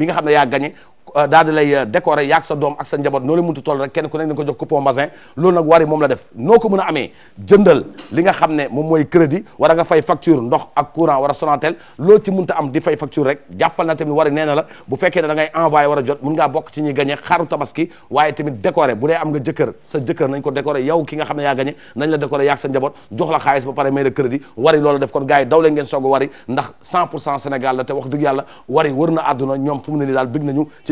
bi nga xam ne yaa gagné Euh, daal euh, décorer yaag sa doom ak sa njaboot noo leen mënti toll rek kenn ku nekk ko jox coupon bazin loolu nag wari moom la def noo ko mën a amee jëndal li nga xam ne moom mooy crédit war a nga fay facture ndox ak courant war a Sonatel loolu ci mënta am di fay facture rek jàppal na tamit wari nee la bu fekkee ne da envoyé war jot mën ngaa bokk ci ñuy gagné xaru tabaski waaye tamit décorer bu dee am nga jëkkër sa jëkkër nañ ko décorer yow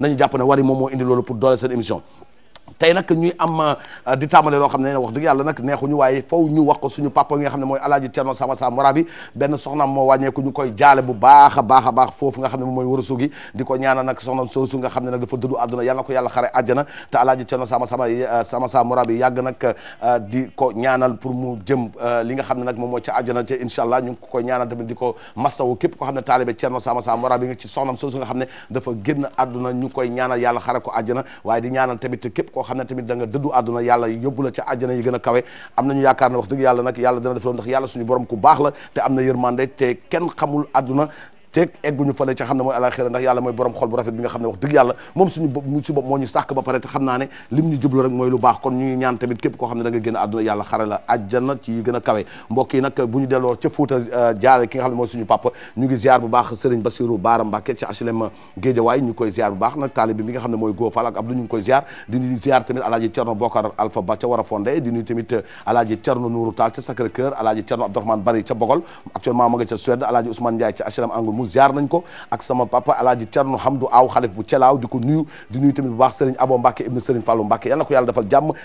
nañu jàpp ne Wari moom moo indi loolu pour doole tey nag ñuy am euh, di tàmbale loo xam ne wax dëgg yàlla nag neexuñu waaye fow ñu wax ko suñu papa yi nga xam ne mooy alaaji Cerno Sama Sam Warabi benn soxnaam moo wàññeeku ñu koy jaale bu baax baax a baax foofu nga xam ne moom mooy warasu gi di ko ñaanal nag soxnaam soosu nga xam ne nag dafa dëddu yàlla ko yàlla xare àjjana te alaaji Cerno Sama Sama euh, Sama Sam yàgg nag euh, di ko ñaanal pour mu jëm li nga xam ne nag moom mooy ca àjjana ca incha allah ñu ngi koy ñaanal tamit di ko masawu képp ko xam ne taalibe Cerno Sama Sam Warabi nga ci soxnaam soosu xam ne dafa génn àdduna ñu koy ñaanal yàlla xare ko àjjana waaye di ñaanal tamit ko xam ne tamit da nga dëddu àdduna yàlla yóbbu la ca àjjana yi a kawe am nañu yaakaar ne wax dëgg yàlla nag yàlla dana def loolu ndax yàlla suñu borom ku baax la te am na yërmande te kenn xamul àdduna te egguñu fale ca xam ne mooy alaxira ndax yàlla mooy borom xol bu rafet bi nga xam ne wax dëgg yàlla moom suñu bopp mu bopp moo ñu sàkk ba pare te xam naa ne lim ñu jublu rek mooy lu baax kon ñuy ñaan tamit képp koo xam ne da génn àdduna yàlla xare la àjjana ci gën a kawe mbokk nag bu ñu delloo ca Fuuta euh, jaare ki nga xam ne mooy suñu papa ñu ngi ziar bu baax Sëriñ Basiru Baara Mbàkke ci HLM Géejawaay ñu koy ziar bu baax nag taalib bi mi Gamou nañ ko ak sama papa alaaji Cerno Hamdu Aw xalif bu Thelaaw di ko nuyu di nuyu tamit bu baax Serigne Abo Mbacke ibnu Serigne Fallou Mbacke yal euh, na ko yàlla defal jàmm moom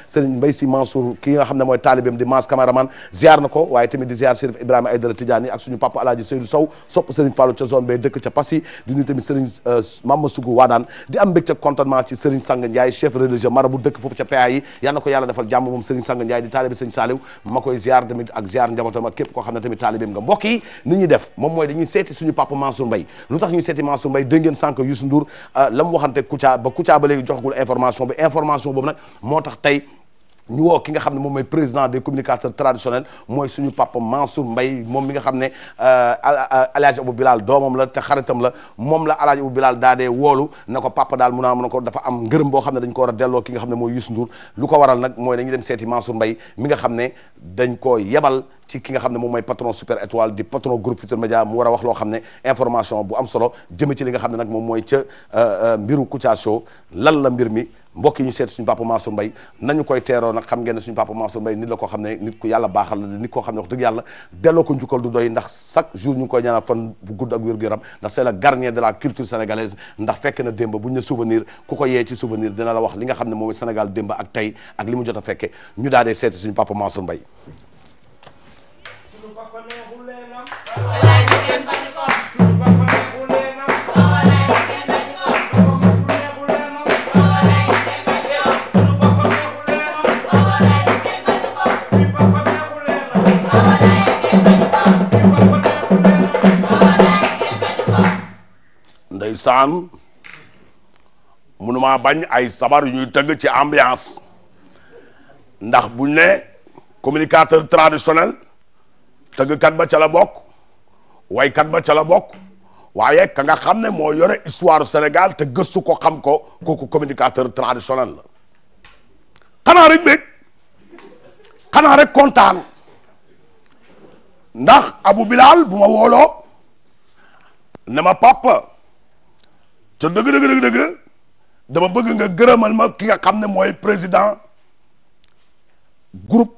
Serigne Sang Ndiaye di taalibe Serigne Saliou ma koy ziar tamit ak ziar njabootam ak képp koo xam ne tamit taalibeem nga mbokk yi ni def moom mooy dañuy seeti suñu papa Mansour Mbaye lu tax ñu seeti Mansour Mbaye dégg ngeen sànq Youssou Ndour euh, la mu waxante ba Kouthia ba léegi joxagul information bi information boobu nag moo tax tey ñu woo ki nga xam ne moom mooy président des communicateurs traditionnels mooy suñu papa Mansour Mbaye moom mi nga xam ne euh, alaaji Abou Bilal doomam la te xaritam la moom la alaaji Abou Bilal daa dee woolu na ko papa daal mun naa mun ko dafa am ngërëm boo xam ne dañ ko war a ki nga xam ne mooy Youssou lu ko waral nag mooy dañuy dem seeti Mansour Mbaye mi nga xam ne dañ ko yebal ci ki nga xam ne moom mooy patron super étoile di patron groupe Futurs Médias mu war a wax loo xam ne information bu am solo jëme ci li nga xam ne nag moom mooy ca euh, euh, mbiru Kouthia lan la mbir mi mbokk ñu seet suñu papa Mansour Mbaye nañu koy teeroo nag xam ngeen ne suñu papa Mansour Mbaye nit la koo xam ne nit ku yàlla baaxal la nit koo xam ne wax dëgg yàlla delloo ko njukkal du doy ndax chaque jour ñu ngi koy ñaanal fan gudd ak wér gu ndax c'est le de la culture sénégalaise ndax fekk na démb bu ñu ne souvenir ku ko yee ci souvenir dina la wax li nga xam ne moom Sénégal démb ak tey ak li mu jot a fekke ñu daal dee seet suñu papa Mansour Mbaye ndeysaan mënumaa bañ ay sabar yu ñuy ci ambiance ndax bu ne communicateur traditionnel tëggkat ba ca la bokk waykat ba ca bokk waaye ka nga xam ne moo yore histoire Sénégal te gëstu ko xam ko kooku communicateur traditionnel la xanaa rek kontaan ndax Abu Bilal bu ma wooloo ne ma papa ca dëgg dëgg dëgg dëgg dama bëgg nga gërëmal ma ki nga xam ne mooy président groupe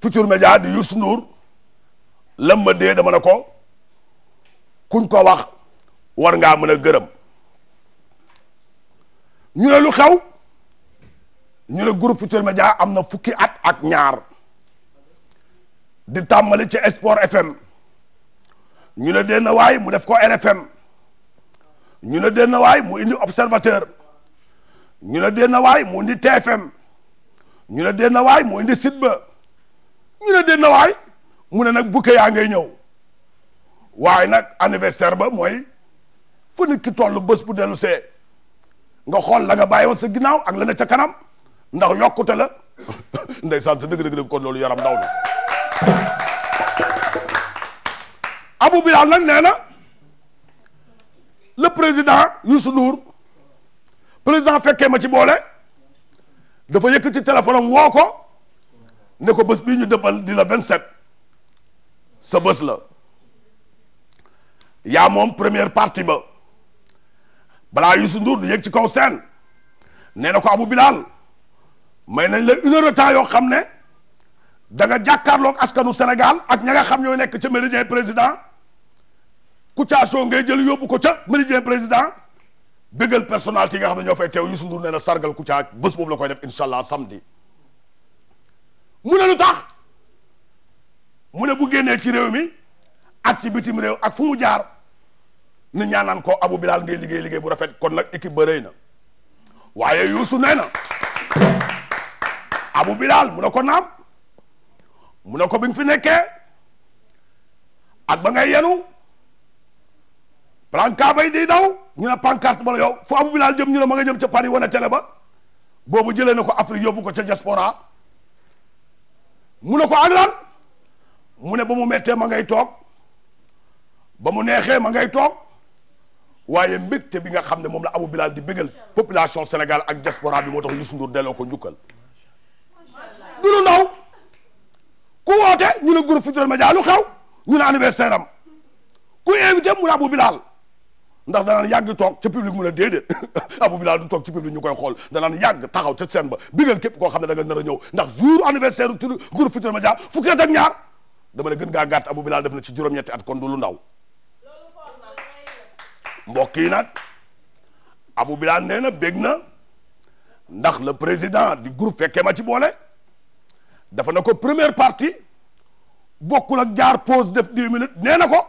Futurs Médias di Youssou Ndour lam ma dee dama na ko kuñ ko wax war ngaa mën a gërëm ñu ne lu xew ñu ne groupe Futurs Médias am na fukki at ak ñaar di tàmbali ci Sport FM ñu ne dee na waay mu def ko RFM ñu ne dénn waay mu indi observateur ñu ne dénn waay mu indi TFM ñu ne dénn waay mu indi site ba ñu ne dénn waay mu ne nag bouquet yaa ngay ñëw waaye nag anniversaire ba mooy fu nit ki toll bés bu dellu se nga xool la nga bàyyi woon sa ginnaaw ak la ne ca kanam ndax yokkute la ndeysaan sa dëgg-dëgg dëgg kon loolu yaram daw na Abu nag nee na le président Youssou Ndour président fekkee ma ci boole dafa yëkkati téléphone am woo ko ne ko bës bii ñu dëppal di la 27 sa bës la yaa moom première partie ba balaa Youssou Ndour di yëg ci kaw seen nee na ko Abou Bilal may nañ la une heure de temps yoo xam ne danga da nga jàkkaarloog askanu Sénégal ak ña nga xam ñooy nekk ca Méridien président. Kouthia Show ngay jël yóbbu ko ca Méridien président bégal personnalité yi nga xam ne ñoo fay teew Youssou Ndour nee na sargal Kouthia bés boobu la koy def incha allah samedi mu ne lu tax mu ne bu génnee ci réew mi ak ci bitim réew ak fu mu jaar nit ñaa naan ko Abou Bilal ngay liggéey liggéey bu rafet kon nag équipe ba na waaye Youssou nee na Abou Bilal mu ne ko naam mu ne ko bi fi nekkee ak ba ngay yenu palanka bay di daw ñu ne pancarte ba yow fu Abu Bilal jëm ñu ne ma nga jëm ca Paris wane télé ba boobu jëlee na ko Afrique yóbbu ko ca diaspora mu ne ko ak mu ne ba mu mettee ma ngay toog ba mu neexee ma ngay toog waaye mbégte bi nga xam ne moom la Abu Bilal di bégal population Sénégal ak diaspora bi moo tax Youssou Ndour delloo ko njukkal du lu ndaw ku woote ñu ne Groupe Futurs Médias lu xew ñu ne anniversaire am ku invité mu ne Abu Bilal ndax danaan yàgg toog ca public mu ne déedéet abu bilal du toog ci public ñu koy xool danaan yàgg taxaw ca seen ba bigal képp ko xam ne da nga a ñëw ndax jour anniversaire tur groupe Futurs Médias fukki at ak ñaar dama ne gën ngaa gàtt abou bilal def na ci juróom-ñetti at kon du lu ndaw mbokk yi nag abou bilal nee na bég na ndax le président du groupe fekkee ma ci boole dafa na ko première partie bokkul ak jaar pause def dix minutes nee na ko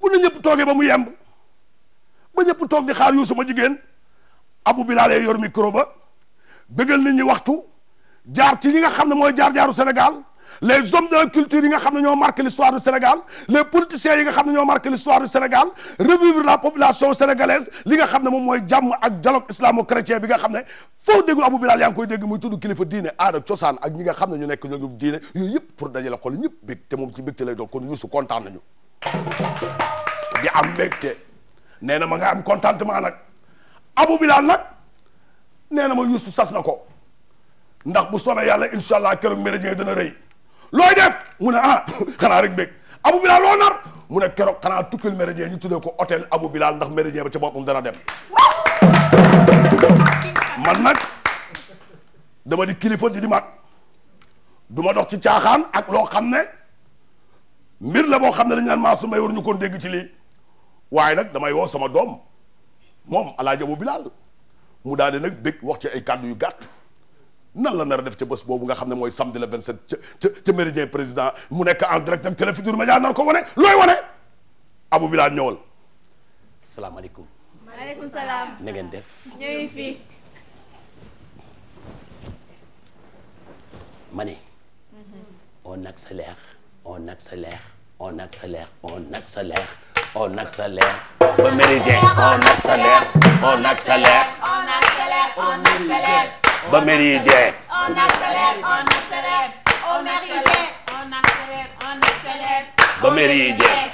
bu na ñëpp toogee ba mu yemb ba ñëpp toog di xaar yu suma jigéen abu bilaalee yor micro ba bëggal nit ñi waxtu jaar ci ñi nga xam ne mooy jaar-jaaru Sénégal les hommes de la culture yi nga xam ne ñoo marqué l'histoire du Sénégal les politiciens yi nga xam ne ñoo marqué l'histoire du Sénégal revivre la population sénégalaise li nga xam ne moom mooy jàmm ak dialogue islamo-chrétien bi nga xam ne foo déggul Abou Bilal yaa ngi koy dégg muy tudd kilifa diine aada cosaan ak ñi nga xam ne ñu nekk ñoom diine yooyu yëpp pour dajale xol ñëpp bég te moom ci bégte lay doon kon Youssou di am bégte nee na ma nga am contentement nag Abu Bilal nag nee na ma Youssou sas na ko ndax bu soobee yàlla incha allah keroog méridien dana rëy looy def mu ne ah xanaa rek bëgg Abu Bilal loo nar mu ne keroog xanaa tukkil méridien ñu tuddee ko hôtel Abu Bilal ndax méridien ba ci boppam dana dem man nag dama di kilifa di di mag du ma dox ci caaxaan ak loo xam ne mbir la boo xam ne dañ naan maa su may war ñu koon dégg ci lii waaye nag damay woo sama doom moom alaaji Abu Bilal mu daal di nag bëgg wax ci ay kàddu yu gàtt nan la nar def ca bés boobu nga xam ne mooy samedi le 27 ca ca ca méridien président mu nekk en direct ak Télé Futurs Médias nar ko wane looy wane Abu Bilal ñëwal. salaamaaleykum. maaleykum salaam. na def. ñëw fii. ma ne. on accélère on accélère on accélère sa accélère. on accélère ba méridien ba méridien ba méridien